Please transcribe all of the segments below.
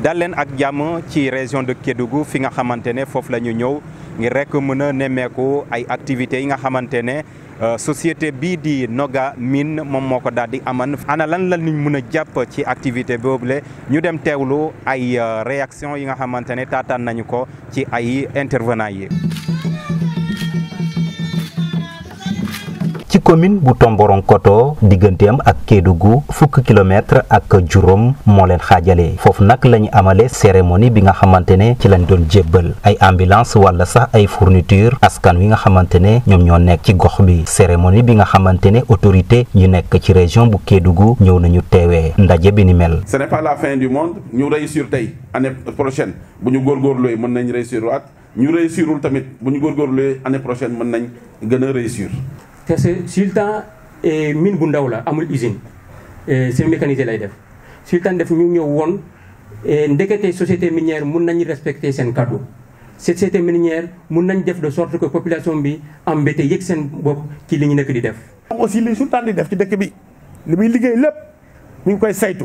dal leen ak jàmm ci région de Kédougou fi nga xamante ne foofu la ñu ñëw ngir rek mën a nemmeeku ay activités yi nga xamante ne euh, société bii di Noga Mine moom moo ko daal di aman ana lan la ñu mën a jàpp ci activité boobu le ñu dem teewlu ay euh, réaction yi nga xamante ne taataan nañu ko ci ay intervenant yi ci commune bu Tomboronkoto digganteem ak gu fukk kilomètre ak juróom moo leen xaajale foofu nag la ñu amale cérémonie bi nga xamante ne ci lañ doon jébbal ay ambulance wala sax ay fourniture askan wi nga xamante ne ñoom ñoo nekk ci gox bi cérémonie bi nga xamante ne autorité ñu nekk ci région bu gu ñëw nañu teewee ndaje bi ni mel. ce n'est pas la fin du monde ñu réussir tey année prochaine bu ñu góorgóorlooy mën nañ réussir waat ñu réussirul tamit bu ñu góorgóorlooy année mën nañ gën a réussir. parce te sultan eh, mine bu ndaw la amul usine eh, c'est mécanisé lay def sultan def ñu ñëw woon eh, ndekete société minière mun nañu respecter seen kàddu société minière mun nañ def de sorte que population bi am mbéte yëg seen bopp ci li ñu nekk di def aussi li sultan di def ci dëkk bi li muy liggéey lépp mu ngi koy saytu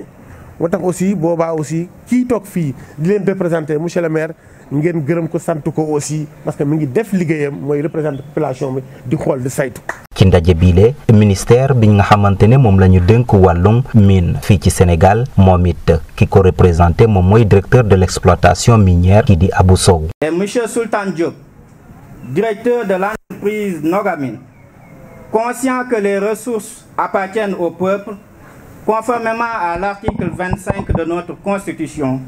moo tax aussi boobaa aussi kii toog fii di leen représenter monsieur le maire ngeen gërëm ko sant ko aussi parce que mi ngi def liggéeyam mooy représenter population bi di xool di saytu ci ndaje biile ministère bi nga xamante ne moom la ñu dénk wàllum mine fii ci Sénégal moom it ki ko représenté moom mooy directeur de l'exploitation minière ki di abu Sow. Et monsieur Sultan Diop, directeur de l'entreprise Nogamine, conscient que les ressources appartiennent au peuple, conformément à l'article 25 de notre Constitution,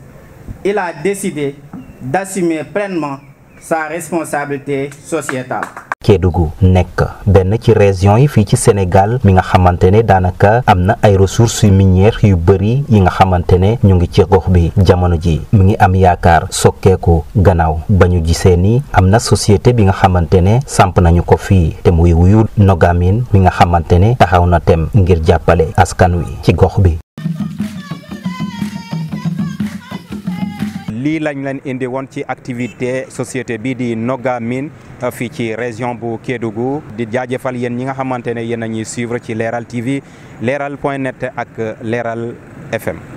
il a décidé d'assumer pleinement sa responsabilité sociétale. Kédougou nekk benn ci région yi fii ci Sénégal mi nga xamante ne daanaka am na ay yu minières yu bëri yi nga xamante ne ñu ngi ci gox bi jamono ji mu ngi am yaakaar sokkeeku gannaaw ba ñu gisee ni am na société bi nga xamante ne samp nañu ko fii te muy wuyu Nogamin mi nga xamante ne taxaw na tem ngir jàppale askan wi ci gox bi lii lañ leen indi woon ci activité société bi di Noga Mine euh, fii ci région bu kedugu di jaajëfal yéen ñi nga xamante ne yéen a ñuy suivre ci Leral TV leeral point net ak leeral FM.